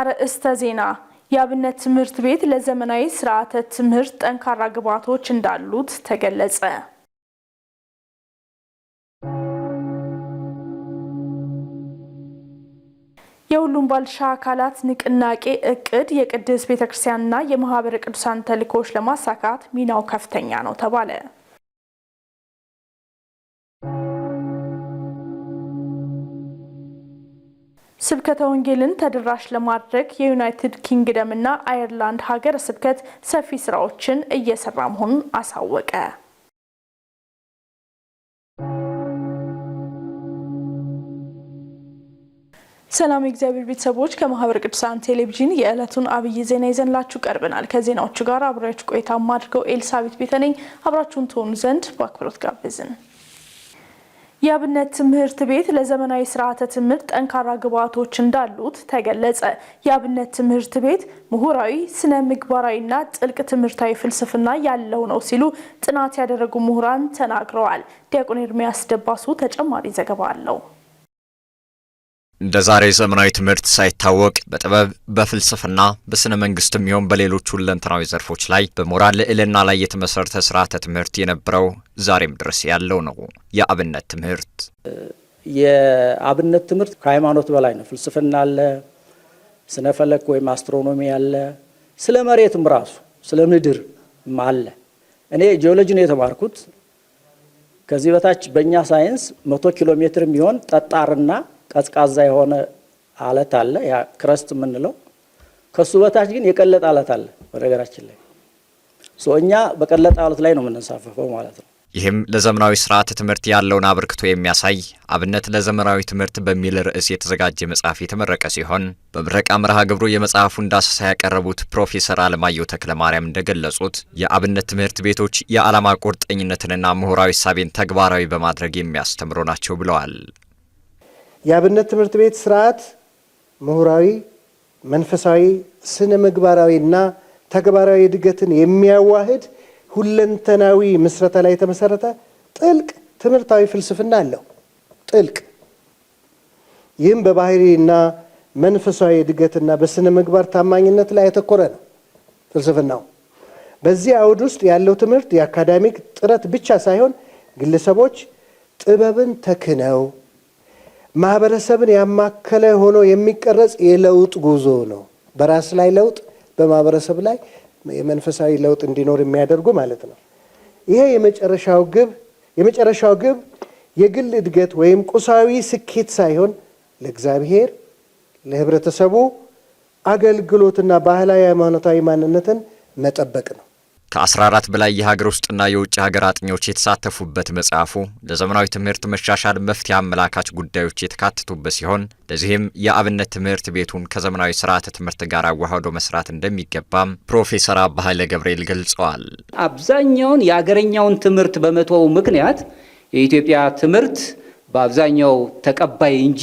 አርዕስተ ዜና የአብነት ትምህርት ቤት ለዘመናዊ ስርዓተ ትምህርት ጠንካራ ግብዓቶች እንዳሉት ተገለጸ። የሁሉም ባልሻ አካላት ንቅናቄ እቅድ የቅድስት ቤተክርስቲያንና የማህበረ ቅዱሳን ተልእኮዎች ለማሳካት ሚናው ከፍተኛ ነው ተባለ። ስብከተ ወንጌልን ተደራሽ ለማድረግ የዩናይትድ ኪንግደም እና አየርላንድ ሀገረ ስብከት ሰፊ ስራዎችን እየሰራ መሆኑን አሳወቀ። ሰላም የእግዚአብሔር ቤተሰቦች፣ ከማህበረ ቅዱሳን ቴሌቪዥን የዕለቱን አብይ ዜና ይዘንላችሁ ቀርበናል። ከዜናዎቹ ጋር አብራችሁ ቆይታ ማድርገው ኤልሳቤት ቤተነኝ አብራችሁን ትሆኑ ዘንድ በአክብሮት ጋብዝን። የአብነት ትምህርት ቤት ለዘመናዊ ስርዓተ ትምህርት ጠንካራ ግብዓቶች እንዳሉት ተገለጸ። የአብነት ትምህርት ቤት ምሁራዊ፣ ስነ ምግባራዊና ጥልቅ ትምህርታዊ ፍልስፍና ያለው ነው ሲሉ ጥናት ያደረጉ ምሁራን ተናግረዋል። ዲያቆን ኤርሚያስ ደባሱ ተጨማሪ ዘገባ አለው። እንደ ዛሬ ዘመናዊ ትምህርት ሳይታወቅ በጥበብ በፍልስፍና በስነ መንግስትም ይሁን በሌሎች ሁለንተናዊ ዘርፎች ላይ በሞራል ልዕልና ላይ የተመሰረተ ስርዓተ ትምህርት የነበረው ዛሬም ድረስ ያለው ነው የአብነት ትምህርት። የአብነት ትምህርት ከሃይማኖት በላይ ነው። ፍልስፍና አለ፣ ስነ ፈለክ ወይም አስትሮኖሚ አለ፣ ስለ መሬትም ራሱ ስለ ምድር አለ። እኔ ጂኦሎጂ ነው የተማርኩት። ከዚህ በታች በእኛ ሳይንስ መቶ ኪሎ ሜትር የሚሆን ጠጣርና ቀዝቃዛ የሆነ አለት አለ፣ ያ ክረስት የምንለው ከሱ በታች ግን የቀለጠ አለት አለ። በነገራችን ላይ እኛ በቀለጠ አለት ላይ ነው የምንሳፈፈው ማለት ነው። ይህም ለዘመናዊ ስርዓተ ትምህርት ያለውን አበርክቶ የሚያሳይ አብነት ለዘመናዊ ትምህርት በሚል ርዕስ የተዘጋጀ መጽሐፍ የተመረቀ ሲሆን በምረቃ መርሃ ግብሩ የመጽሐፉን ዳሰሳ ያቀረቡት ፕሮፌሰር አለማየሁ ማርያም እንደገለጹት የአብነት ትምህርት ቤቶች የዓላማ ቁርጠኝነትንና ምሁራዊ ሳቤን ተግባራዊ በማድረግ የሚያስተምሩ ናቸው ብለዋል። የአብነት ትምህርት ቤት ስርዓት ምሁራዊ፣ መንፈሳዊ፣ ስነ ምግባራዊና ተግባራዊ እድገትን የሚያዋህድ ሁለንተናዊ ምስረተ ላይ የተመሰረተ ጥልቅ ትምህርታዊ ፍልስፍና አለው። ጥልቅ ይህም በባህሪና መንፈሳዊ እድገትና በስነ ምግባር ታማኝነት ላይ ያተኮረ ነው ፍልስፍናው። በዚህ አውድ ውስጥ ያለው ትምህርት የአካዳሚክ ጥረት ብቻ ሳይሆን ግለሰቦች ጥበብን ተክነው ማህበረሰብን ያማከለ ሆኖ የሚቀረጽ የለውጥ ጉዞ ነው። በራስ ላይ ለውጥ፣ በማህበረሰብ ላይ የመንፈሳዊ ለውጥ እንዲኖር የሚያደርጉ ማለት ነው። ይሄ የመጨረሻው ግብ የመጨረሻው ግብ የግል እድገት ወይም ቁሳዊ ስኬት ሳይሆን ለእግዚአብሔር ለህብረተሰቡ አገልግሎትና ባህላዊ ሃይማኖታዊ ማንነትን መጠበቅ ነው። ከ14 በላይ የሀገር ውስጥና የውጭ ሀገር አጥኚዎች የተሳተፉበት መጽሐፉ ለዘመናዊ ትምህርት መሻሻል መፍትሄ አመላካች ጉዳዮች የተካተቱበት ሲሆን ለዚህም የአብነት ትምህርት ቤቱን ከዘመናዊ ስርዓተ ትምህርት ጋር አዋህዶ መስራት እንደሚገባም ፕሮፌሰር አባኃይለ ገብርኤል ገልጸዋል። አብዛኛውን የአገረኛውን ትምህርት በመተው ምክንያት የኢትዮጵያ ትምህርት በአብዛኛው ተቀባይ እንጂ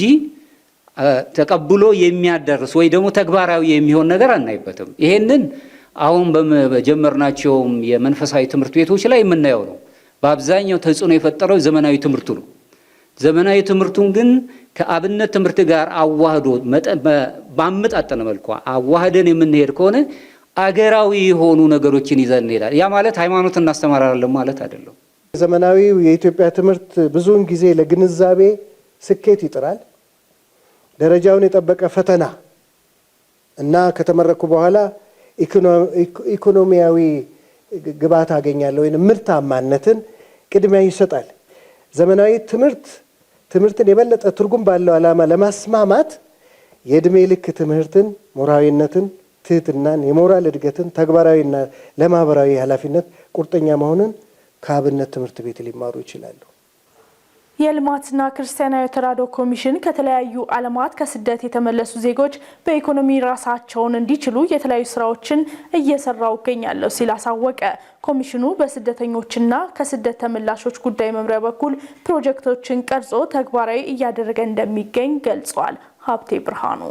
ተቀብሎ የሚያደርስ ወይ ደግሞ ተግባራዊ የሚሆን ነገር አናይበትም። ይሄንን አሁን በጀመርናቸውም የመንፈሳዊ ትምህርት ቤቶች ላይ የምናየው ነው። በአብዛኛው ተጽዕኖ የፈጠረው ዘመናዊ ትምህርቱ ነው። ዘመናዊ ትምህርቱን ግን ከአብነት ትምህርት ጋር አዋህዶ ባመጣጠነ መልኩ አዋህደን የምንሄድ ከሆነ አገራዊ የሆኑ ነገሮችን ይዘን እንሄዳል። ያ ማለት ሃይማኖት እናስተማራለን ማለት አይደለም። ዘመናዊው የኢትዮጵያ ትምህርት ብዙውን ጊዜ ለግንዛቤ ስኬት ይጥራል። ደረጃውን የጠበቀ ፈተና እና ከተመረኩ በኋላ ኢኮኖሚያዊ ግብዓት አገኛለሁ ወይም ምርታማነትን ቅድሚያ ይሰጣል። ዘመናዊ ትምህርት ትምህርትን የበለጠ ትርጉም ባለው ዓላማ ለማስማማት የእድሜ ልክ ትምህርትን፣ ሞራዊነትን፣ ትህትናን፣ የሞራል እድገትን ተግባራዊና ለማህበራዊ ኃላፊነት ቁርጠኛ መሆንን ከአብነት ትምህርት ቤት ሊማሩ ይችላሉ። የልማትና ክርስቲያናዊ ተራድኦ ኮሚሽን ከተለያዩ ዓለማት ከስደት የተመለሱ ዜጎች በኢኮኖሚ ራሳቸውን እንዲችሉ የተለያዩ ስራዎችን እየሰራው እገኛለሁ ሲል አሳወቀ። ኮሚሽኑ በስደተኞችና ከስደት ተመላሾች ጉዳይ መምሪያ በኩል ፕሮጀክቶችን ቀርጾ ተግባራዊ እያደረገ እንደሚገኝ ገልጿል። ሀብቴ ብርሃኑ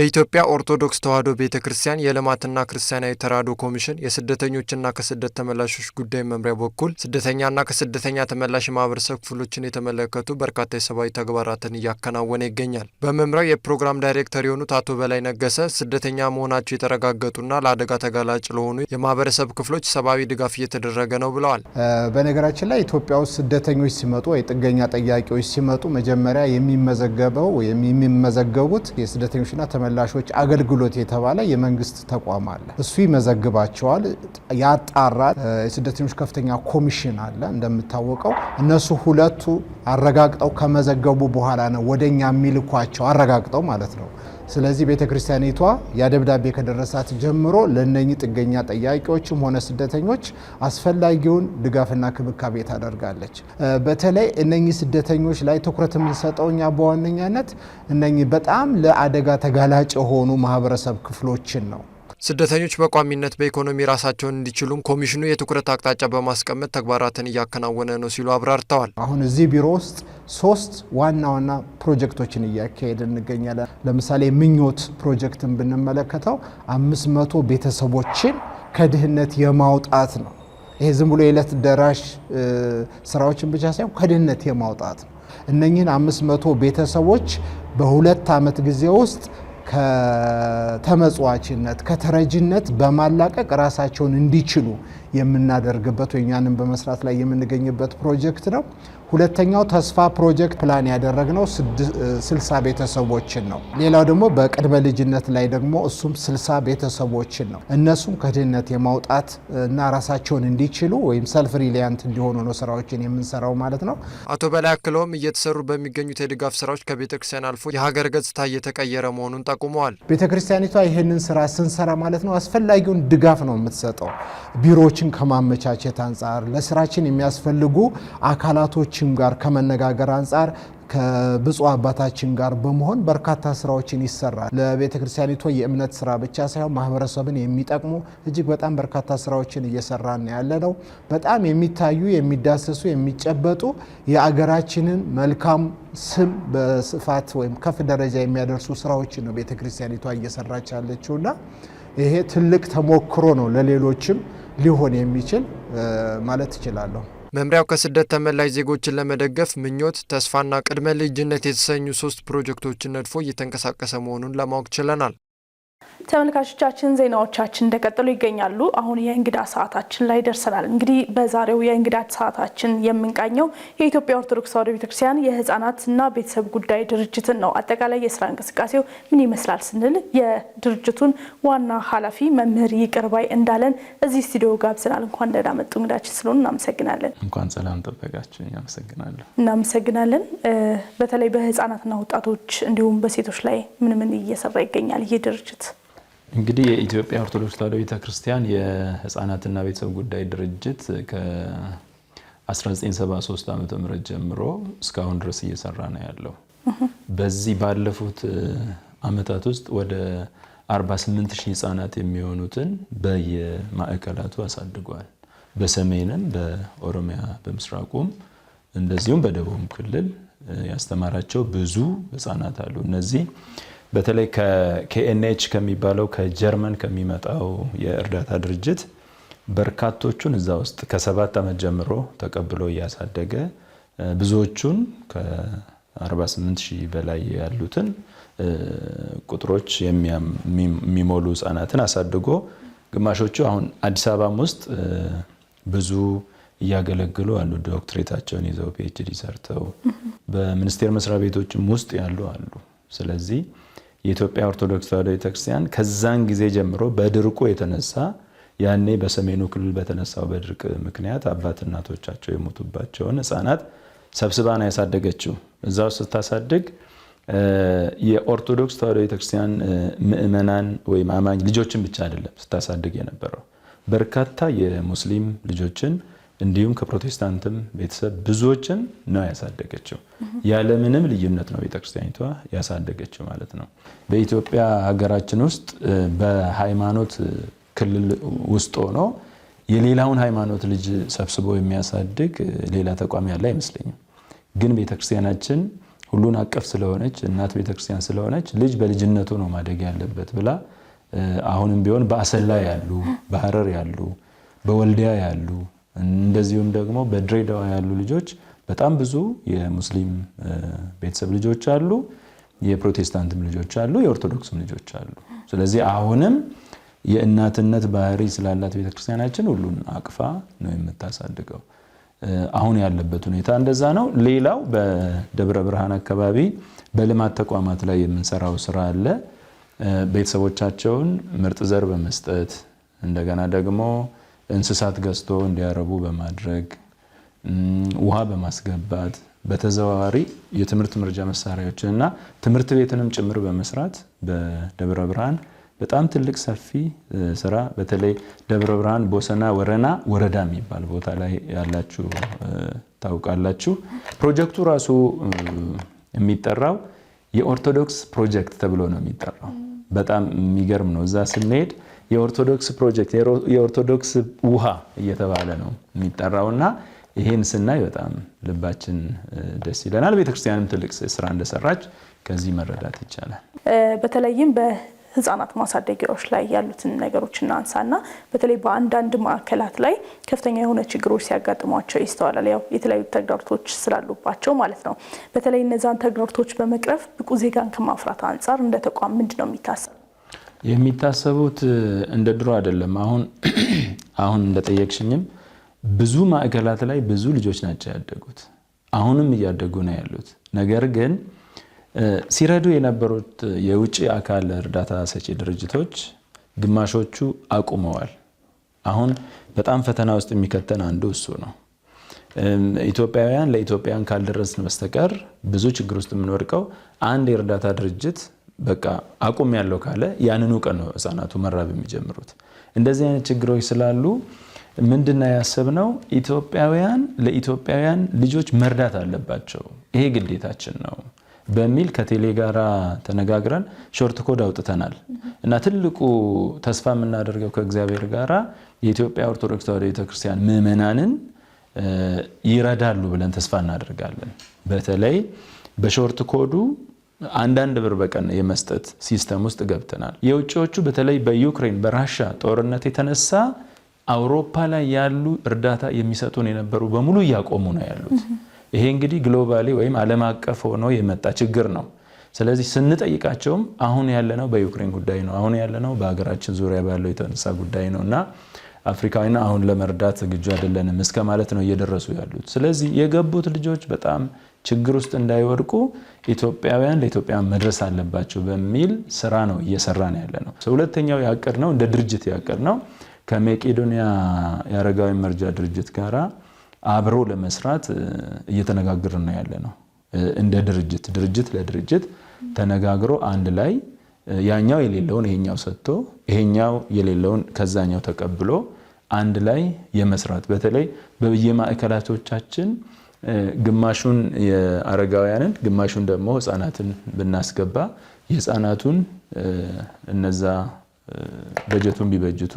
በኢትዮጵያ ኦርቶዶክስ ተዋሕዶ ቤተ ክርስቲያን የልማትና ክርስቲያናዊ ተራድኦ ኮሚሽን የስደተኞችና ከስደት ተመላሾች ጉዳይ መምሪያ በኩል ስደተኛና ከስደተኛ ተመላሽ የማህበረሰብ ክፍሎችን የተመለከቱ በርካታ የሰብአዊ ተግባራትን እያከናወነ ይገኛል። በመምሪያው የፕሮግራም ዳይሬክተር የሆኑት አቶ በላይ ነገሰ ስደተኛ መሆናቸው የተረጋገጡና ለአደጋ ተጋላጭ ለሆኑ የማህበረሰብ ክፍሎች ሰብአዊ ድጋፍ እየተደረገ ነው ብለዋል። በነገራችን ላይ ኢትዮጵያ ውስጥ ስደተኞች ሲመጡ ወይ ጥገኛ ጠያቂዎች ሲመጡ መጀመሪያ የሚመዘገበው የሚመዘገቡት የስደተኞችና ተመላሾች አገልግሎት የተባለ የመንግስት ተቋም አለ። እሱ ይመዘግባቸዋል፣ ያጣራል። የስደተኞች ከፍተኛ ኮሚሽን አለ እንደምታወቀው። እነሱ ሁለቱ አረጋግጠው ከመዘገቡ በኋላ ነው ወደኛ የሚልኳቸው አረጋግጠው ማለት ነው። ስለዚህ ቤተ ክርስቲያኒቷ ያ ደብዳቤ ከደረሳት ጀምሮ ለእነኚህ ጥገኛ ጠያቂዎችም ሆነ ስደተኞች አስፈላጊውን ድጋፍና ክብካቤ ታደርጋለች። በተለይ እነኚህ ስደተኞች ላይ ትኩረት የምንሰጠው እኛ በዋነኛነት እነኚህ በጣም ለአደጋ ተጋላጭ የሆኑ ማህበረሰብ ክፍሎችን ነው። ስደተኞች በቋሚነት በኢኮኖሚ ራሳቸውን እንዲችሉም ኮሚሽኑ የትኩረት አቅጣጫ በማስቀመጥ ተግባራትን እያከናወነ ነው ሲሉ አብራርተዋል። አሁን እዚህ ቢሮ ውስጥ ሶስት ዋና ዋና ፕሮጀክቶችን እያካሄድ እንገኛለን። ለምሳሌ ምኞት ፕሮጀክትን ብንመለከተው አምስት መቶ ቤተሰቦችን ከድህነት የማውጣት ነው። ይሄ ዝም ብሎ የዕለት ደራሽ ስራዎችን ብቻ ሳይሆን ከድህነት የማውጣት ነው። እነኚህን አምስት መቶ ቤተሰቦች በሁለት ዓመት ጊዜ ውስጥ ከተመጽዋችነት ከተረጅነት በማላቀቅ ራሳቸውን እንዲችሉ የምናደርግበት ወይም ያንን በመስራት ላይ የምንገኝበት ፕሮጀክት ነው። ሁለተኛው ተስፋ ፕሮጀክት ፕላን ያደረግነው 60 ቤተሰቦችን ነው። ሌላው ደግሞ በቅድመ ልጅነት ላይ ደግሞ እሱም 60 ቤተሰቦችን ነው። እነሱም ከድህነት የማውጣት እና ራሳቸውን እንዲችሉ ወይም ሰልፍ ሪሊያንት እንዲሆኑ ነው ስራዎችን የምንሰራው ማለት ነው። አቶ በላይ አክለውም እየተሰሩ በሚገኙት የድጋፍ ስራዎች ከቤተክርስቲያን አልፎ የሀገር ገጽታ እየተቀየረ መሆኑን ጠቁመዋል። ቤተክርስቲያኒቷ ይህንን ስራ ስንሰራ ማለት ነው አስፈላጊውን ድጋፍ ነው የምትሰጠው። ቢሮዎችን ከማመቻቸት አንጻር ለስራችን የሚያስፈልጉ አካላቶች ከሁላችንም ጋር ከመነጋገር አንጻር ከብፁዕ አባታችን ጋር በመሆን በርካታ ስራዎችን ይሰራል። ለቤተ ክርስቲያኒቷ የእምነት ስራ ብቻ ሳይሆን ማህበረሰብን የሚጠቅሙ እጅግ በጣም በርካታ ስራዎችን እየሰራን ያለ ነው። በጣም የሚታዩ የሚዳሰሱ፣ የሚጨበጡ የአገራችንን መልካም ስም በስፋት ወይም ከፍ ደረጃ የሚያደርሱ ስራዎችን ነው ቤተ ክርስቲያኒቷ እየሰራች ያለችውና ይሄ ትልቅ ተሞክሮ ነው ለሌሎችም ሊሆን የሚችል ማለት እችላለሁ። መምሪያው ከስደት ተመላሽ ዜጎችን ለመደገፍ ምኞት፣ ተስፋና ቅድመ ልጅነት የተሰኙ ሶስት ፕሮጀክቶችን ነድፎ እየተንቀሳቀሰ መሆኑን ለማወቅ ችለናል። ተመልካቾቻችን ዜናዎቻችን እንደቀጠሉ ይገኛሉ። አሁን የእንግዳ ሰዓታችን ላይ ደርሰናል። እንግዲህ በዛሬው የእንግዳ ሰዓታችን የምንቃኘው የኢትዮጵያ ኦርቶዶክስ ተዋሕዶ ቤተክርስቲያን የህፃናትና ቤተሰብ ጉዳይ ድርጅትን ነው። አጠቃላይ የስራ እንቅስቃሴው ምን ይመስላል ስንል የድርጅቱን ዋና ኃላፊ መምህር ይቅርባይ እንዳለን እዚህ ስቱዲዮ ጋብዘናል። እንኳን ደህና መጡ እንግዳችን ስለሆኑ እናመሰግናለን። እንኳን ሰላም ጠበቃችሁ። እናመሰግናለን እናመሰግናለን። በተለይ በህፃናትና ወጣቶች እንዲሁም በሴቶች ላይ ምን ምን እየሰራ ይገኛል ይህ ድርጅት? እንግዲህ የኢትዮጵያ ኦርቶዶክስ ተዋሕዶ ቤተክርስቲያን የህፃናትና ቤተሰብ ጉዳይ ድርጅት ከ1973 ዓ ም ጀምሮ እስካሁን ድረስ እየሰራ ነው ያለው። በዚህ ባለፉት አመታት ውስጥ ወደ 48 ሺህ የሚሆኑትን በየማዕከላቱ አሳድጓል። በሰሜንም፣ በኦሮሚያ በምስራቁም፣ እንደዚሁም በደቡብ ክልል ያስተማራቸው ብዙ ህፃናት አሉ እነዚህ በተለይ ከኬኤንኤች ከሚባለው ከጀርመን ከሚመጣው የእርዳታ ድርጅት በርካቶቹን እዛ ውስጥ ከሰባት ዓመት ጀምሮ ተቀብሎ እያሳደገ ብዙዎቹን ከ48 ሺህ በላይ ያሉትን ቁጥሮች የሚሞሉ ህጻናትን አሳድጎ ግማሾቹ አሁን አዲስ አበባም ውስጥ ብዙ እያገለግሉ አሉ። ዶክትሬታቸውን ይዘው ፒኤችዲ ሰርተው በሚኒስቴር መስሪያ ቤቶችም ውስጥ ያሉ አሉ። ስለዚህ የኢትዮጵያ ኦርቶዶክስ ተዋሕዶ ቤተክርስቲያን ከዛን ጊዜ ጀምሮ በድርቁ የተነሳ ያኔ በሰሜኑ ክልል በተነሳው በድርቅ ምክንያት አባት እናቶቻቸው የሞቱባቸውን ህፃናት ሰብስባን ነው ያሳደገችው። እዛው ስታሳድግ የኦርቶዶክስ ተዋሕዶ ቤተክርስቲያን ምእመናን ወይም አማኝ ልጆችን ብቻ አይደለም ስታሳድግ የነበረው በርካታ የሙስሊም ልጆችን እንዲሁም ከፕሮቴስታንትም ቤተሰብ ብዙዎችን ነው ያሳደገችው። ያለምንም ልዩነት ነው ቤተክርስቲያኒቷ ያሳደገችው ማለት ነው። በኢትዮጵያ ሀገራችን ውስጥ በሃይማኖት ክልል ውስጥ ሆኖ የሌላውን ሃይማኖት ልጅ ሰብስቦ የሚያሳድግ ሌላ ተቋም ያለ አይመስለኝም። ግን ቤተክርስቲያናችን ሁሉን አቀፍ ስለሆነች እናት ቤተክርስቲያን ስለሆነች ልጅ በልጅነቱ ነው ማደግ ያለበት ብላ አሁንም ቢሆን በአሰላ ያሉ፣ በሀረር ያሉ፣ በወልዲያ ያሉ እንደዚሁም ደግሞ በድሬዳዋ ያሉ ልጆች በጣም ብዙ የሙስሊም ቤተሰብ ልጆች አሉ፣ የፕሮቴስታንትም ልጆች አሉ፣ የኦርቶዶክስም ልጆች አሉ። ስለዚህ አሁንም የእናትነት ባህሪ ስላላት ቤተክርስቲያናችን ሁሉን አቅፋ ነው የምታሳድገው። አሁን ያለበት ሁኔታ እንደዛ ነው። ሌላው በደብረ ብርሃን አካባቢ በልማት ተቋማት ላይ የምንሰራው ስራ አለ። ቤተሰቦቻቸውን ምርጥ ዘር በመስጠት እንደገና ደግሞ እንስሳት ገዝቶ እንዲያረቡ በማድረግ ውሃ በማስገባት በተዘዋዋሪ የትምህርት መርጃ መሳሪያዎችን እና ትምህርት ቤትንም ጭምር በመስራት በደብረ ብርሃን በጣም ትልቅ ሰፊ ስራ በተለይ ደብረ ብርሃን ቦሰና ወረና ወረዳ የሚባል ቦታ ላይ ያላችሁ ታውቃላችሁ። ፕሮጀክቱ ራሱ የሚጠራው የኦርቶዶክስ ፕሮጀክት ተብሎ ነው የሚጠራው። በጣም የሚገርም ነው። እዛ ስንሄድ የኦርቶዶክስ ፕሮጀክት የኦርቶዶክስ ውሃ እየተባለ ነው የሚጠራውና ይህን ስናይ በጣም ልባችን ደስ ይለናል። ቤተክርስቲያንም ትልቅ ስራ እንደሰራች ከዚህ መረዳት ይቻላል። በተለይም በህፃናት ማሳደጊያዎች ላይ ያሉትን ነገሮች እናንሳና በተለይ በአንዳንድ ማዕከላት ላይ ከፍተኛ የሆነ ችግሮች ሲያጋጥሟቸው ይስተዋላል። ያው የተለያዩ ተግዳሮቶች ስላሉባቸው ማለት ነው። በተለይ እነዛን ተግዳሮቶች በመቅረፍ ብቁ ዜጋን ከማፍራት አንጻር እንደ ተቋም ምንድን ነው የሚታሰብ? የሚታሰቡት እንደ ድሮ አይደለም። አሁን አሁን እንደጠየቅሽኝም ብዙ ማዕከላት ላይ ብዙ ልጆች ናቸው ያደጉት፣ አሁንም እያደጉ ነው ያሉት። ነገር ግን ሲረዱ የነበሩት የውጭ አካል እርዳታ ሰጪ ድርጅቶች ግማሾቹ አቁመዋል። አሁን በጣም ፈተና ውስጥ የሚከተን አንዱ እሱ ነው። ኢትዮጵያውያን ለኢትዮጵያውያን ካልደረስን በስተቀር ብዙ ችግር ውስጥ የምንወድቀው አንድ የእርዳታ ድርጅት በቃ አቁም ያለው ካለ ያንኑ ቀን ነው ህፃናቱ መራብ የሚጀምሩት። እንደዚህ አይነት ችግሮች ስላሉ ምንድነው ያሰብነው? ኢትዮጵያውያን ለኢትዮጵያውያን ልጆች መርዳት አለባቸው፣ ይሄ ግዴታችን ነው በሚል ከቴሌ ጋራ ተነጋግረን ሾርት ኮድ አውጥተናል እና ትልቁ ተስፋ የምናደርገው ከእግዚአብሔር ጋራ የኢትዮጵያ ኦርቶዶክስ ተዋሕዶ ቤተክርስቲያን ምዕመናንን ይረዳሉ ብለን ተስፋ እናደርጋለን። በተለይ በሾርት ኮዱ አንዳንድ ብር በቀን የመስጠት ሲስተም ውስጥ ገብተናል። የውጭዎቹ በተለይ በዩክሬን በራሻ ጦርነት የተነሳ አውሮፓ ላይ ያሉ እርዳታ የሚሰጡን የነበሩ በሙሉ እያቆሙ ነው ያሉት። ይሄ እንግዲህ ግሎባሊ ወይም ዓለም አቀፍ ሆኖ የመጣ ችግር ነው። ስለዚህ ስንጠይቃቸውም አሁን ያለነው በዩክሬን ጉዳይ ነው፣ አሁን ያለነው በሀገራችን ዙሪያ ባለው የተነሳ ጉዳይ ነው እና አፍሪካዊና አሁን ለመርዳት ዝግጁ አይደለንም እስከ ማለት ነው እየደረሱ ያሉት። ስለዚህ የገቡት ልጆች በጣም ችግር ውስጥ እንዳይወድቁ ኢትዮጵያውያን ለኢትዮጵያ መድረስ አለባቸው በሚል ስራ ነው እየሰራ ነው ያለ ነው። ሁለተኛው ያቅድ ነው እንደ ድርጅት ያቅድ ነው ከመቄዶንያ የአረጋዊ መርጃ ድርጅት ጋራ አብሮ ለመስራት እየተነጋገርን ነው ያለ ነው። እንደ ድርጅት ድርጅት ለድርጅት ተነጋግሮ አንድ ላይ ያኛው የሌለውን ይሄኛው ሰጥቶ ይሄኛው የሌለውን ከዛኛው ተቀብሎ አንድ ላይ የመስራት በተለይ በየማዕከላቶቻችን ግማሹን የአረጋውያንን ግማሹን ደግሞ ህጻናትን ብናስገባ የህጻናቱን እነዛ በጀቱን ቢበጅቱ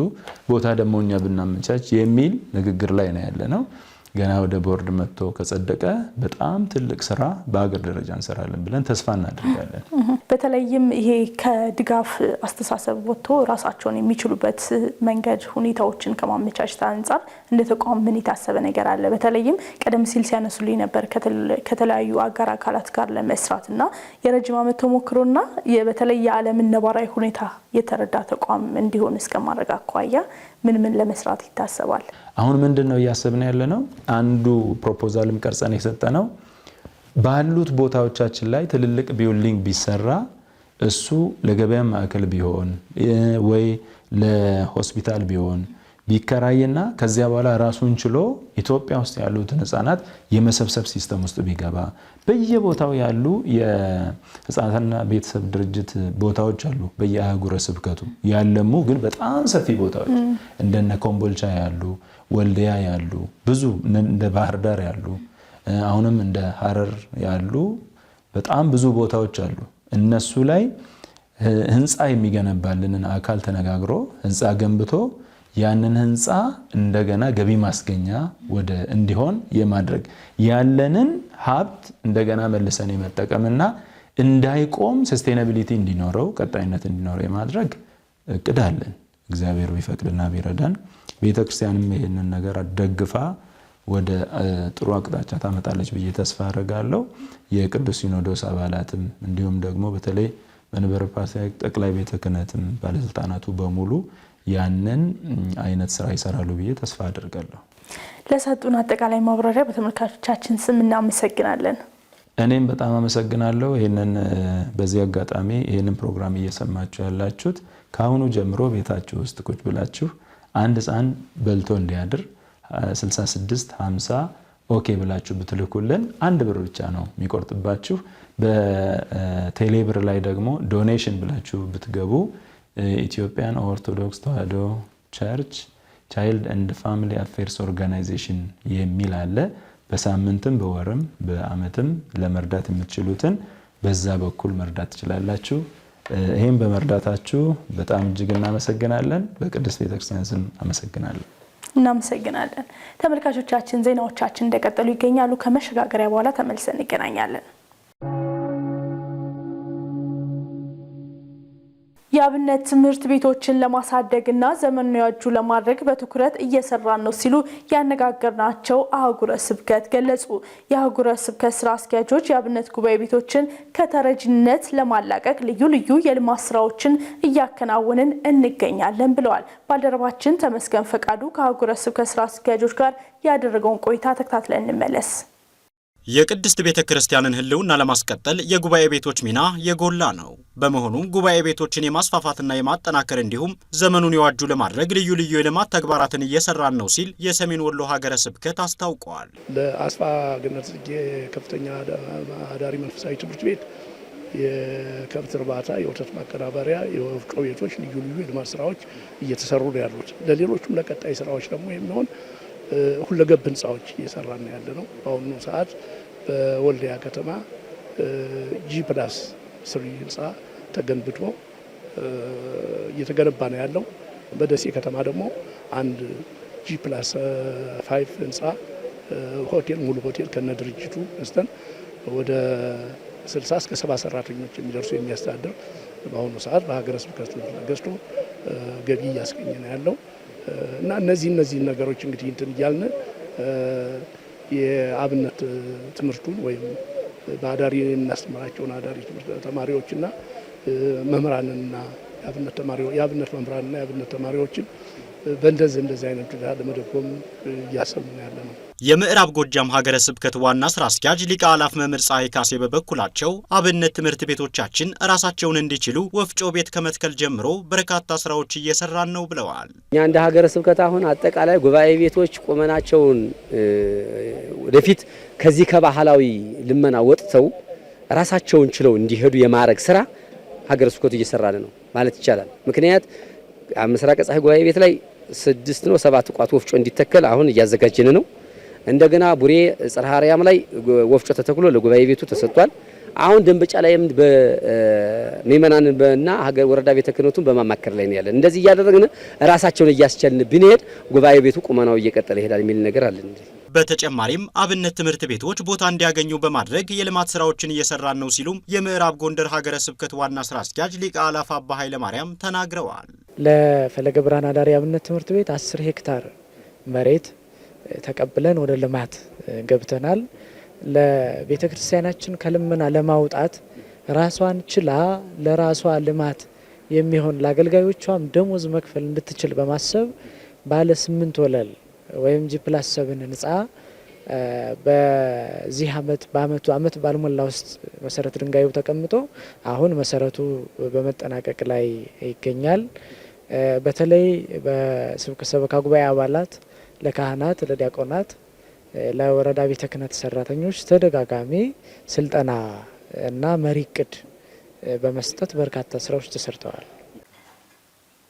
ቦታ ደግሞ እኛ ብናመቻች የሚል ንግግር ላይ ነው ያለ ነው። ገና ወደ ቦርድ መጥቶ ከጸደቀ በጣም ትልቅ ስራ በሀገር ደረጃ እንሰራለን ብለን ተስፋ እናደርጋለን። በተለይም ይሄ ከድጋፍ አስተሳሰብ ወጥቶ ራሳቸውን የሚችሉበት መንገድ ሁኔታዎችን ከማመቻቸት አንጻር እንደ ተቋም ምን የታሰበ ነገር አለ? በተለይም ቀደም ሲል ሲያነሱልኝ ነበር ከተለያዩ አጋር አካላት ጋር ለመስራት እና የረጅም ዓመት ተሞክሮና በተለይ የዓለምን ነባራዊ ሁኔታ የተረዳ ተቋም እንዲሆን እስከማድረግ አኳያ ምን ምን ለመስራት ይታሰባል? አሁን ምንድን ነው እያሰብን ያለ ነው? አንዱ ፕሮፖዛልም ቀርጸን የሰጠ ነው ባሉት ቦታዎቻችን ላይ ትልልቅ ቢውልዲንግ ቢሰራ እሱ ለገበያ ማዕከል ቢሆን ወይ ለሆስፒታል ቢሆን ቢከራይና ከዚያ በኋላ ራሱን ችሎ ኢትዮጵያ ውስጥ ያሉትን ህጻናት የመሰብሰብ ሲስተም ውስጥ ቢገባ በየቦታው ያሉ የህጻናትና ቤተሰብ ድርጅት ቦታዎች አሉ። በየአህጉረ ስብከቱ ያለሙ ግን በጣም ሰፊ ቦታዎች እንደነ ኮምቦልቻ ያሉ፣ ወልዲያ ያሉ፣ ብዙ እንደ ባህር ዳር ያሉ፣ አሁንም እንደ ሀረር ያሉ በጣም ብዙ ቦታዎች አሉ። እነሱ ላይ ህንፃ የሚገነባልንን አካል ተነጋግሮ ህንፃ ገንብቶ ያንን ህንፃ እንደገና ገቢ ማስገኛ ወደ እንዲሆን የማድረግ ያለንን ሀብት እንደገና መልሰን የመጠቀምና እንዳይቆም ሰስቴናቢሊቲ እንዲኖረው ቀጣይነት እንዲኖረው የማድረግ እቅድ አለን። እግዚአብሔር ቢፈቅድና ቢረዳን ቤተክርስቲያንም ይህንን ነገር ደግፋ ወደ ጥሩ አቅጣጫ ታመጣለች ብዬ ተስፋ አደርጋለሁ። የቅዱስ ሲኖዶስ አባላትም እንዲሁም ደግሞ በተለይ በመንበረ ፓትርያርክ ጠቅላይ ቤተ ክህነትም ባለስልጣናቱ በሙሉ ያንን አይነት ስራ ይሰራሉ ብዬ ተስፋ አድርጋለሁ። ለሰጡን አጠቃላይ ማብራሪያ በተመልካቾቻችን ስም እናመሰግናለን። እኔም በጣም አመሰግናለሁ። ይህንን በዚህ አጋጣሚ ይህንን ፕሮግራም እየሰማችሁ ያላችሁት ከአሁኑ ጀምሮ ቤታችሁ ውስጥ ቁጭ ብላችሁ አንድ ህፃን በልቶ እንዲያድር 66 50 ኦኬ ብላችሁ ብትልኩልን አንድ ብር ብቻ ነው የሚቆርጥባችሁ። በቴሌ ብር ላይ ደግሞ ዶኔሽን ብላችሁ ብትገቡ ኢትዮጵያን ኦርቶዶክስ ተዋህዶ ቸርች ቻይልድ ኤንድ ፋሚሊ አፌርስ ኦርጋናይዜሽን የሚል አለ። በሳምንትም በወርም በአመትም ለመርዳት የምትችሉትን በዛ በኩል መርዳት ትችላላችሁ። ይህም በመርዳታችሁ በጣም እጅግ እናመሰግናለን። በቅድስት ቤተክርስቲያን ስም አመሰግናለን። እናመሰግናለን። ተመልካቾቻችን ዜናዎቻችን እንደቀጠሉ ይገኛሉ። ከመሸጋገሪያ በኋላ ተመልሰን እንገናኛለን። የአብነት ትምህርት ቤቶችን ለማሳደግና ዘመኑን ያጁ ለማድረግ በትኩረት እየሰራን ነው ሲሉ ያነጋገርናቸው አህጉረ ስብከት ገለጹ። የአህጉረ ስብከት ስራ አስኪያጆች የአብነት ጉባኤ ቤቶችን ከተረጅነት ለማላቀቅ ልዩ ልዩ የልማት ስራዎችን እያከናወንን እንገኛለን ብለዋል። ባልደረባችን ተመስገን ፈቃዱ ከአህጉረ ስብከት ስራ አስኪያጆች ጋር ያደረገውን ቆይታ ተከታትለን እንመለስ። የቅድስት ቤተ ክርስቲያንን ህልውና ለማስቀጠል የጉባኤ ቤቶች ሚና የጎላ ነው። በመሆኑም ጉባኤ ቤቶችን የማስፋፋትና የማጠናከር እንዲሁም ዘመኑን የዋጁ ለማድረግ ልዩ ልዩ የልማት ተግባራትን እየሰራን ነው ሲል የሰሜን ወሎ ሀገረ ስብከት አስታውቀዋል። ለአስፋ ገነት ጽጌ ከፍተኛ አዳሪ መንፈሳዊ ትምህርት ቤት የከብት እርባታ፣ የወተት ማቀናበሪያ፣ የወፍጮ ቤቶች ልዩ ልዩ የልማት ስራዎች እየተሰሩ ነው ያሉት። ለሌሎቹም ለቀጣይ ስራዎች ደግሞ የሚሆን ሁለገብ ህንፃዎች እየሰራን ያለ ነው። በአሁኑ ሰዓት በወልዲያ ከተማ ጂ ፕላስ ስሪ ህንፃ ተገንብቶ እየተገነባ ነው ያለው። በደሴ ከተማ ደግሞ አንድ ጂ ፕላስ ፋይቭ ህንፃ ሆቴል ሙሉ ሆቴል ከነ ድርጅቱ ገዝተን ወደ 60 እስከ 70 ሰራተኞች የሚደርሱ የሚያስተዳድር በአሁኑ ሰዓት በሀገረ ስብከት ገዝቶ ገቢ እያስገኘ ነው ያለው። እና እነዚህ እነዚህ ነገሮች እንግዲህ እንትን እያልን የአብነት ትምህርቱን ወይም በአዳሪ የምናስተምራቸውን አዳሪ ተማሪዎችና መምህራንና የአብነት ተማሪ የአብነት መምህራንና የአብነት ተማሪዎችን በእንደዚህ እንደዚህ አይነት ለመደጎም እያሰብን ያለ ነው። የምዕራብ ጎጃም ሀገረ ስብከት ዋና ስራ አስኪያጅ ሊቀ አላፍ መምህር ፀሐይ ካሴ በበኩላቸው አብነት ትምህርት ቤቶቻችን ራሳቸውን እንዲችሉ ወፍጮ ቤት ከመትከል ጀምሮ በርካታ ስራዎች እየሰራን ነው ብለዋል። እኛ እንደ ሀገረ ስብከት አሁን አጠቃላይ ጉባኤ ቤቶች ቁመናቸውን ወደፊት ከዚህ ከባህላዊ ልመና ወጥተው ራሳቸውን ችለው እንዲሄዱ የማድረግ ስራ ሀገረ ስብከቱ እየሰራን ነው ማለት ይቻላል። ምክንያት ምስራቅ ፀሐይ ጉባኤ ቤት ላይ ስድስት ነው ሰባት ቋት ወፍጮ እንዲተከል አሁን እያዘጋጀን ነው። እንደገና ቡሬ ጽርሐ አርያም ላይ ወፍጮ ተተክሎ ለጉባኤ ቤቱ ተሰጥቷል። አሁን ደንበጫ ላይም በምእመናንና ሀገር ወረዳ ቤተ ክህነቱን በማማከር ላይ ነው ያለን። እንደዚህ እያደረግን ራሳቸውን እያስቻልን ብንሄድ ጉባኤ ቤቱ ቁመናው እየቀጠለ ይሄዳል የሚል ነገር አለን። በተጨማሪም አብነት ትምህርት ቤቶች ቦታ እንዲያገኙ በማድረግ የልማት ስራዎችን እየሰራን ነው ሲሉም የምዕራብ ጎንደር ሀገረ ስብከት ዋና ስራ አስኪያጅ ሊቀ አላፍ አባ ኃይለ ማርያም ተናግረዋል። ለፈለገ ብርሃን አዳሪ አብነት ትምህርት ቤት አስር ሄክታር መሬት ተቀብለን ወደ ልማት ገብተናል። ለቤተ ክርስቲያናችን ከልመና ለማውጣት ራሷን ችላ ለራሷ ልማት የሚሆን ለአገልጋዮቿም ደሞዝ መክፈል እንድትችል በማሰብ ባለ ስምንት ወለል ወይም ጂ ፕላስ ሰብን ህንጻ በዚህ አመት በአመቱ አመት ባልሞላ ውስጥ መሰረት ድንጋዩ ተቀምጦ አሁን መሰረቱ በመጠናቀቅ ላይ ይገኛል። በተለይ በስብከተ ጉባኤ አባላት ለካህናት፣ ለዲያቆናት፣ ለወረዳ ቤተ ክህነት ሰራተኞች ተደጋጋሚ ስልጠና እና መሪ እቅድ በመስጠት በርካታ ስራዎች ተሰርተዋል።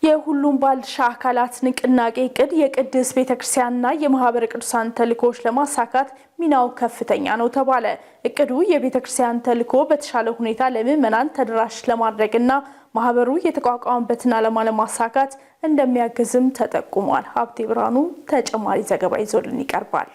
የሁሉም ባልሻ አካላት ንቅናቄ ቅድ የቅድስት ቤተክርስቲያንና የማህበረ ቅዱሳን ተልእኮዎች ለማሳካት ሚናው ከፍተኛ ነው ተባለ። እቅዱ የቤተክርስቲያን ተልእኮ በተሻለ ሁኔታ ለምዕመናን ተደራሽ ለማድረግና ማህበሩ የተቋቋመበትን ዓላማ ለማሳካት እንደሚያግዝም ተጠቁሟል። ሀብቴ ብርሃኑ ተጨማሪ ዘገባ ይዞልን ይቀርባል።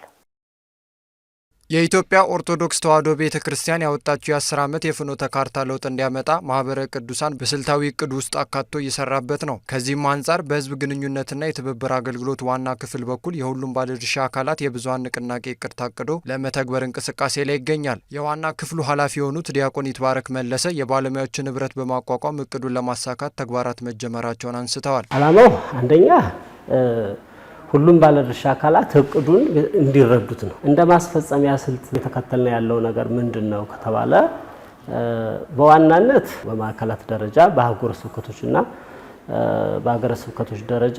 የኢትዮጵያ ኦርቶዶክስ ተዋሕዶ ቤተ ክርስቲያን ያወጣችው የአስር ዓመት የፍኖተ ካርታ ለውጥ እንዲያመጣ ማህበረ ቅዱሳን በስልታዊ እቅድ ውስጥ አካቶ እየሰራበት ነው። ከዚህም አንጻር በሕዝብ ግንኙነትና የትብብር አገልግሎት ዋና ክፍል በኩል የሁሉም ባለድርሻ አካላት የብዙኃን ንቅናቄ እቅድ ታቅዶ ለመተግበር እንቅስቃሴ ላይ ይገኛል። የዋና ክፍሉ ኃላፊ የሆኑት ዲያቆን ይትባረክ መለሰ የባለሙያዎችን ንብረት በማቋቋም እቅዱን ለማሳካት ተግባራት መጀመራቸውን አንስተዋል። አላማው አንደኛ ሁሉም ባለድርሻ አካላት እቅዱን እንዲረዱት ነው። እንደ ማስፈጸሚያ ስልት የተከተልነው ያለው ነገር ምንድን ነው ከተባለ በዋናነት በማዕከላት ደረጃ በአህጉረ ስብከቶችና በሀገረ ስብከቶች ደረጃ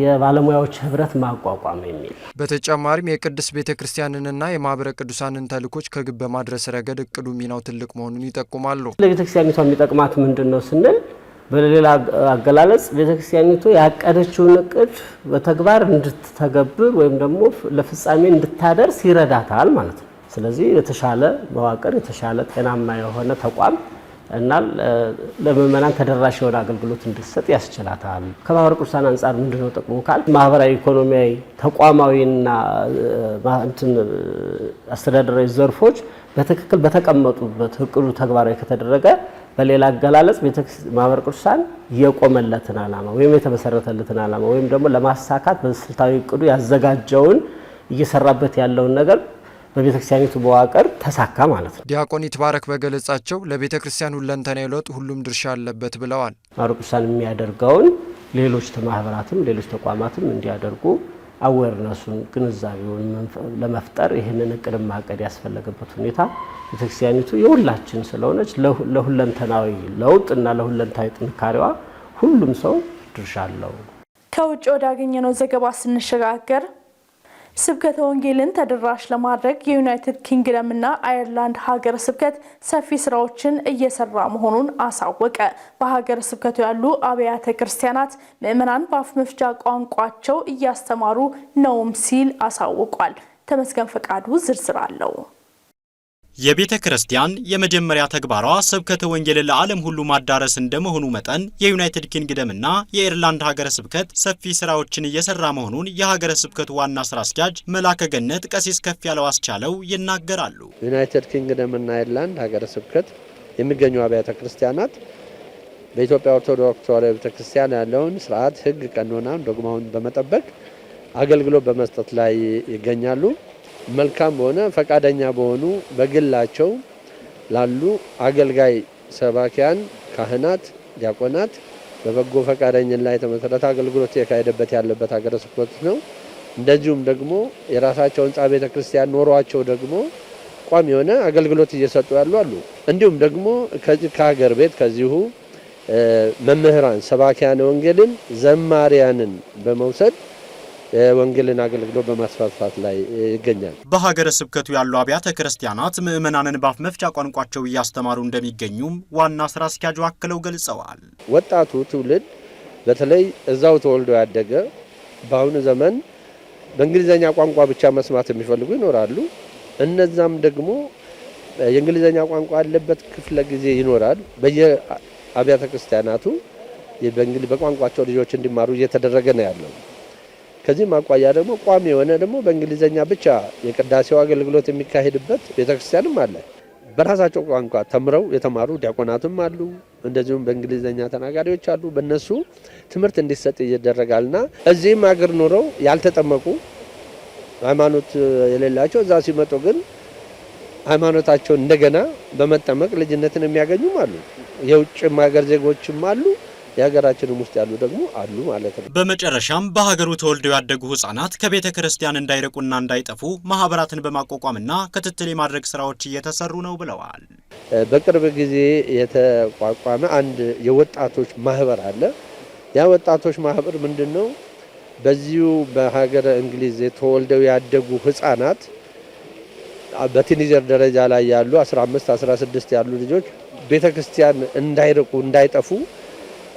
የባለሙያዎች ህብረት ማቋቋም የሚል በተጨማሪም የቅድስት ቤተ ክርስቲያንንና የማህበረ ቅዱሳንን ተልእኮች ከግብ በማድረስ ረገድ እቅዱ ሚናው ትልቅ መሆኑን ይጠቁማሉ። ለቤተክርስቲያኒቷ የሚጠቅማት ምንድን ነው ስንል በሌላ አገላለጽ ቤተክርስቲያኒቱ ያቀደችውን እቅድ በተግባር እንድትተገብር ወይም ደግሞ ለፍጻሜ እንድታደርስ ይረዳታል ማለት ነው። ስለዚህ የተሻለ መዋቅር፣ የተሻለ ጤናማ የሆነ ተቋም እና ለምእመናን ተደራሽ የሆነ አገልግሎት እንድትሰጥ ያስችላታል። ከማህበረ ቅዱሳን አንጻር ምንድነው ጥቅሙ ካል ማህበራዊ፣ ኢኮኖሚያዊ፣ ተቋማዊና አስተዳደራዊ ዘርፎች በትክክል በተቀመጡበት እቅዱ ተግባራዊ ከተደረገ በሌላ አገላለጽ ማህበረ ቅዱሳን የቆመለትን ዓላማ ወይም የተመሰረተለትን ዓላማ ወይም ደግሞ ለማሳካት በስልታዊ እቅዱ ያዘጋጀውን እየሰራበት ያለውን ነገር በቤተ ክርስቲያኒቱ መዋቅር ተሳካ ማለት ነው። ዲያቆን ይትባረክ በገለጻቸው ለቤተ ክርስቲያን ሁለንተናዊ ለውጥ ሁሉም ድርሻ አለበት ብለዋል። ማህበረ ቅዱሳን የሚያደርገውን ሌሎች ማህበራትም ሌሎች ተቋማትም እንዲያደርጉ አዌርነሱን ግንዛቤውን ለመፍጠር ይህንን እቅድ ማቀድ ያስፈለገበት ሁኔታ ቤተክርስቲያኒቱ የሁላችን ስለሆነች ለሁለንተናዊ ለውጥ እና ለሁለንታዊ ጥንካሬዋ ሁሉም ሰው ድርሻ አለው። ከውጭ ወዳገኘነው ዘገባ ስንሸጋገር ስብከተ ወንጌልን ተደራሽ ለማድረግ የዩናይትድ ኪንግደም እና አየርላንድ ሀገረ ስብከት ሰፊ ስራዎችን እየሰራ መሆኑን አሳወቀ። በሀገረ ስብከቱ ያሉ አብያተ ክርስቲያናት ምዕመናን በአፍ መፍቻ ቋንቋቸው እያስተማሩ ነውም ሲል አሳውቋል። ተመስገን ፈቃዱ ዝርዝር አለው። የቤተ ክርስቲያን የመጀመሪያ ተግባሯ ስብከተ ወንጌል ለዓለም ሁሉ ማዳረስ እንደመሆኑ መጠን የዩናይትድ ኪንግደምና የኤርላንድ ሀገረ ስብከት ሰፊ ስራዎችን እየሰራ መሆኑን የሀገረ ስብከቱ ዋና ስራ አስኪያጅ መላከ ገነት ቀሲስ ከፍ ያለው አስቻለው ይናገራሉ። ዩናይትድ ኪንግደምና ኤርላንድ ሀገረ ስብከት የሚገኙ አብያተ ክርስቲያናት በኢትዮጵያ ኦርቶዶክስ ተዋሕዶ ቤተ ክርስቲያን ያለውን ስርዓት፣ ህግ፣ ቀኖናን፣ ዶግማውን በመጠበቅ አገልግሎት በመስጠት ላይ ይገኛሉ። መልካም በሆነ ፈቃደኛ በሆኑ በግላቸው ላሉ አገልጋይ ሰባኪያን፣ ካህናት፣ ዲያቆናት በበጎ ፈቃደኝን ላይ የተመሰረተ አገልግሎት እየካሄደበት ያለበት ሀገረ ስብከት ነው። እንደዚሁም ደግሞ የራሳቸው ህንፃ ቤተ ክርስቲያን ኖሯቸው ደግሞ ቋሚ የሆነ አገልግሎት እየሰጡ ያሉ አሉ። እንዲሁም ደግሞ ከሀገር ቤት ከዚሁ መምህራን ሰባኪያን ወንጌልን ዘማሪያንን በመውሰድ ወንጌልን አገልግሎት በማስፋፋት ላይ ይገኛል። በሀገረ ስብከቱ ያሉ አብያተ ክርስቲያናት ምዕመናንን ባፍ መፍቻ ቋንቋቸው እያስተማሩ እንደሚገኙም ዋና ስራ አስኪያጁ አክለው ገልጸዋል። ወጣቱ ትውልድ በተለይ እዛው ተወልዶ ያደገ በአሁኑ ዘመን በእንግሊዝኛ ቋንቋ ብቻ መስማት የሚፈልጉ ይኖራሉ። እነዛም ደግሞ የእንግሊዝኛ ቋንቋ ያለበት ክፍለ ጊዜ ይኖራል። በየአብያተ ክርስቲያናቱ በቋንቋቸው ልጆች እንዲማሩ እየተደረገ ነው ያለው። ከዚህም አቋያ ደግሞ ቋሚ የሆነ ደግሞ በእንግሊዝኛ ብቻ የቅዳሴው አገልግሎት የሚካሄድበት ቤተክርስቲያንም አለ። በራሳቸው ቋንቋ ተምረው የተማሩ ዲያቆናትም አሉ። እንደዚሁም በእንግሊዝኛ ተናጋሪዎች አሉ። በእነሱ ትምህርት እንዲሰጥ ይደረጋልና እዚህም ሀገር ኑረው ያልተጠመቁ ሃይማኖት የሌላቸው እዛ ሲመጡ ግን ሃይማኖታቸውን እንደገና በመጠመቅ ልጅነትን የሚያገኙም አሉ። የውጭም ሀገር ዜጎችም አሉ። የሀገራችንም ውስጥ ያሉ ደግሞ አሉ ማለት ነው። በመጨረሻም በሀገሩ ተወልደው ያደጉ ህጻናት ከቤተ ክርስቲያን እንዳይርቁና እንዳይጠፉ ማህበራትን በማቋቋምና ክትትል የማድረግ ስራዎች እየተሰሩ ነው ብለዋል። በቅርብ ጊዜ የተቋቋመ አንድ የወጣቶች ማህበር አለ። ያ ወጣቶች ማህበር ምንድን ነው? በዚሁ በሀገረ እንግሊዝ ተወልደው ያደጉ ህጻናት በቲኒዘር ደረጃ ላይ ያሉ 15 16 ያሉ ልጆች ቤተ ክርስቲያን እንዳይርቁ እንዳይጠፉ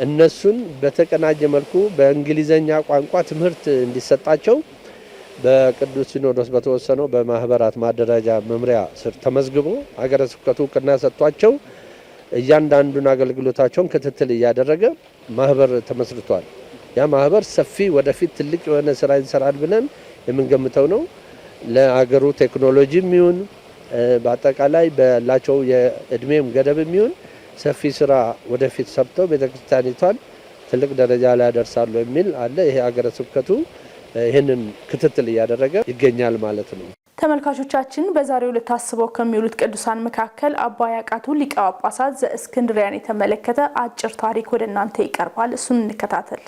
እነሱን በተቀናጀ መልኩ በእንግሊዘኛ ቋንቋ ትምህርት እንዲሰጣቸው በቅዱስ ሲኖዶስ በተወሰነው በማህበራት ማደራጃ መምሪያ ስር ተመዝግቦ ሀገረ ስብከቱ እውቅና ሰጥቷቸው እያንዳንዱን አገልግሎታቸውን ክትትል እያደረገ ማህበር ተመስርቷል። ያ ማህበር ሰፊ ወደፊት ትልቅ የሆነ ስራ ይሰራል ብለን የምንገምተው ነው። ለአገሩ ቴክኖሎጂ የሚሆን በአጠቃላይ በላቸው የእድሜም ገደብ የሚሆን ሰፊ ስራ ወደፊት ሰብተው ቤተክርስቲያኒቷን ትልቅ ደረጃ ላይ ያደርሳሉ የሚል አለ። ይሄ አገረ ስብከቱ ይህንን ክትትል እያደረገ ይገኛል ማለት ነው። ተመልካቾቻችን በዛሬው ዕለት ታስበው ከሚውሉት ቅዱሳን መካከል አባ ያቃቱ ሊቀ ጳጳሳት ዘእስክንድሪያን የተመለከተ አጭር ታሪክ ወደ እናንተ ይቀርባል። እሱን እንከታተል።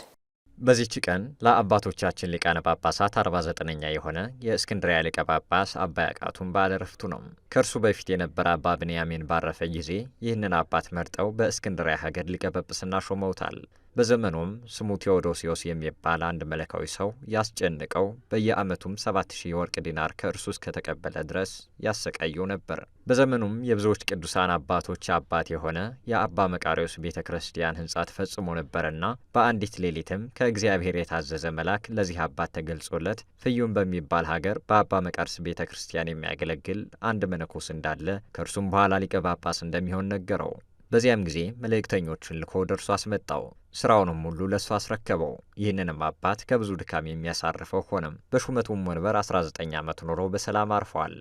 በዚች ቀን ለአባቶቻችን ሊቃነ ጳጳሳት 49ኛ የሆነ የእስክንድሪያ ሊቀ ጳጳስ አባ ያቃቱም በዓለ ነው። ከእርሱ በፊት የነበረ አባ ብንያሚን ባረፈ ጊዜ ይህንን አባት መርጠው በእስክንድሪያ ሀገር ሊቀ ጵጵስና ሾመውታል። በዘመኑም ስሙ ቴዎዶሲዮስ የሚባል አንድ መለካዊ ሰው ያስጨንቀው፣ በየዓመቱም 7000 የወርቅ ዲናር ከእርሱ እስከተቀበለ ድረስ ያሰቃየው ነበር። በዘመኑም የብዙዎች ቅዱሳን አባቶች አባት የሆነ የአባ መቃሪዎስ ቤተ ክርስቲያን ሕንጻ ተፈጽሞ ነበርና በአንዲት ሌሊትም ከእግዚአብሔር የታዘዘ መልአክ ለዚህ አባት ተገልጾለት ፍዩም በሚባል ሀገር በአባ መቃርስ ቤተ ክርስቲያን የሚያገለግል አንድ መነኮስ እንዳለ ከእርሱም በኋላ ሊቀ ጳጳስ እንደሚሆን ነገረው። በዚያም ጊዜ መልእክተኞቹን ልኮ ደርሶ አስመጣው። ስራውንም ሁሉ ለእሱ አስረከበው። ይህንንም አባት ከብዙ ድካም የሚያሳርፈው ሆነም በሹመቱም ወንበር 19 ዓመት ኖሮ በሰላም አርፈዋል።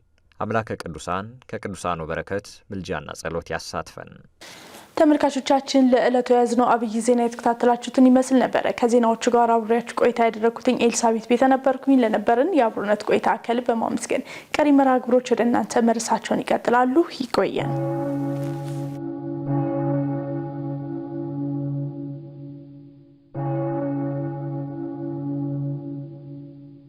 አምላከ ቅዱሳን ከቅዱሳኑ በረከት ምልጃና ጸሎት ያሳትፈን። ተመልካቾቻችን ለዕለቱ የያዝነው አብይ ዜና የተከታተላችሁትን ይመስል ነበረ። ከዜናዎቹ ጋር አብሬያችሁ ቆይታ ያደረግኩትኝ ኤልሳቤት ቤተ ነበርኩኝ። ለነበረን የአብሮነት ቆይታ አካል በማመስገን ቀሪ መርሃ ግብሮች ወደ እናንተ መርሳቸውን ይቀጥላሉ። ይቆየን።